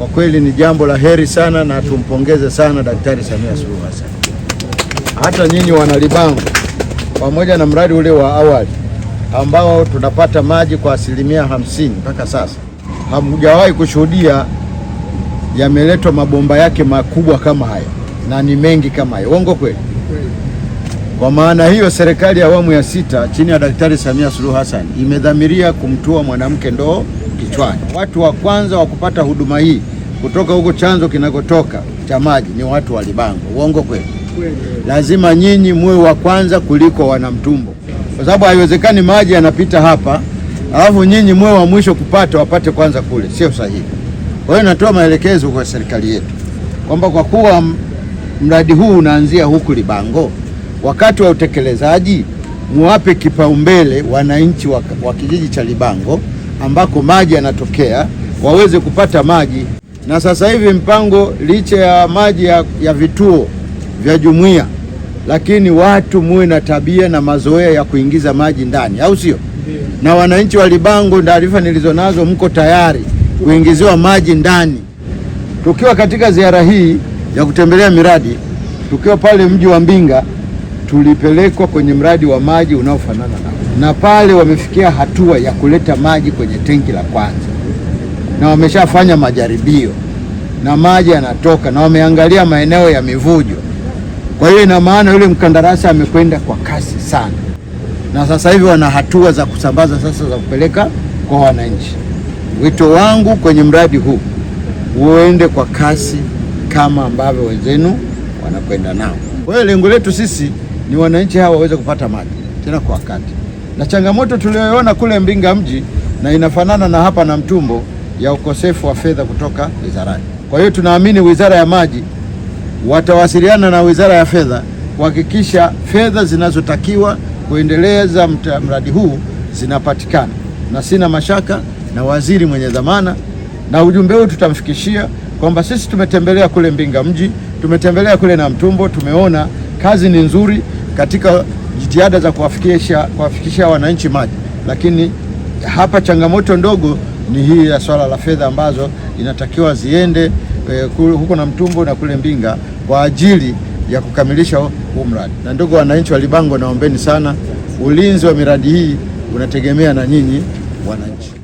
Kwa kweli ni jambo la heri sana na tumpongeze sana Daktari Samia Suluhu Hassan. Hata nyinyi wanalibango, pamoja na mradi ule wa awali ambao tunapata maji kwa asilimia hamsini mpaka sasa, hamjawahi kushuhudia yameletwa mabomba yake makubwa kama haya na ni mengi kama haya. Uongo kweli? Kwa maana hiyo, serikali ya awamu ya sita chini ya Daktari Samia Suluhu Hassan imedhamiria kumtua mwanamke ndoo kichwani. Watu wa kwanza wa kupata huduma hii kutoka huko chanzo kinakotoka cha maji ni watu wa Libango. Uongo kweli? Lazima nyinyi muwe wa kwanza kuliko Wanamtumbo, kwa sababu haiwezekani maji yanapita hapa alafu nyinyi muwe wa mwisho kupata, wapate kwanza kule. Sio sahihi. Kwa hiyo natoa maelekezo kwa serikali yetu kwamba kwa kuwa mradi huu unaanzia huku Libango, wakati wa utekelezaji muwape kipaumbele wananchi wa kijiji cha Libango ambako maji yanatokea waweze kupata maji. Na sasa hivi mpango licha ya maji ya, ya vituo vya jumuiya, lakini watu muwe na tabia na mazoea ya kuingiza maji ndani, au sio? Na wananchi wa Libango, taarifa nilizonazo, mko tayari kuingiziwa maji ndani. Tukiwa katika ziara hii ya kutembelea miradi, tukiwa pale mji wa Mbinga tulipelekwa kwenye mradi wa maji unaofanana nao na pale wamefikia hatua ya kuleta maji kwenye tenki la kwanza, na wameshafanya majaribio na maji yanatoka, na wameangalia maeneo ya mivujo. Kwa hiyo ina maana yule mkandarasi amekwenda kwa kasi sana, na sasa hivi wana hatua za kusambaza sasa za kupeleka kwa wananchi. Wito wangu kwenye mradi huu uende kwa kasi kama ambavyo wenzenu wanakwenda nao. Kwa hiyo lengo letu sisi ni wananchi hawa waweze kupata maji tena kwa wakati na changamoto tuliyoiona kule Mbinga mji na inafanana na hapa na Mtumbo ya ukosefu wa fedha kutoka wizarani. Kwa hiyo tunaamini Wizara ya Maji watawasiliana na Wizara ya Fedha kuhakikisha fedha zinazotakiwa kuendeleza mradi huu zinapatikana, na sina mashaka na waziri mwenye dhamana na ujumbe huu tutamfikishia kwamba sisi tumetembelea kule Mbinga mji, tumetembelea kule na Mtumbo, tumeona kazi ni nzuri katika jitihada za kuwafikisha kuwafikishia wananchi maji, lakini hapa changamoto ndogo ni hii ya swala la fedha ambazo inatakiwa ziende e, huko na Mtumbo na kule Mbinga kwa ajili ya kukamilisha huu mradi. Na ndugu wananchi wa Libango, naombeni sana, ulinzi wa miradi hii unategemea na nyinyi wananchi.